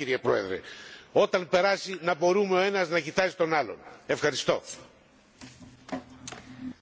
κύριε πρόεδρε όταν περάσει να μπορούμε ο ένας να κοιτάζει τον άλλον. ευχαριστώ.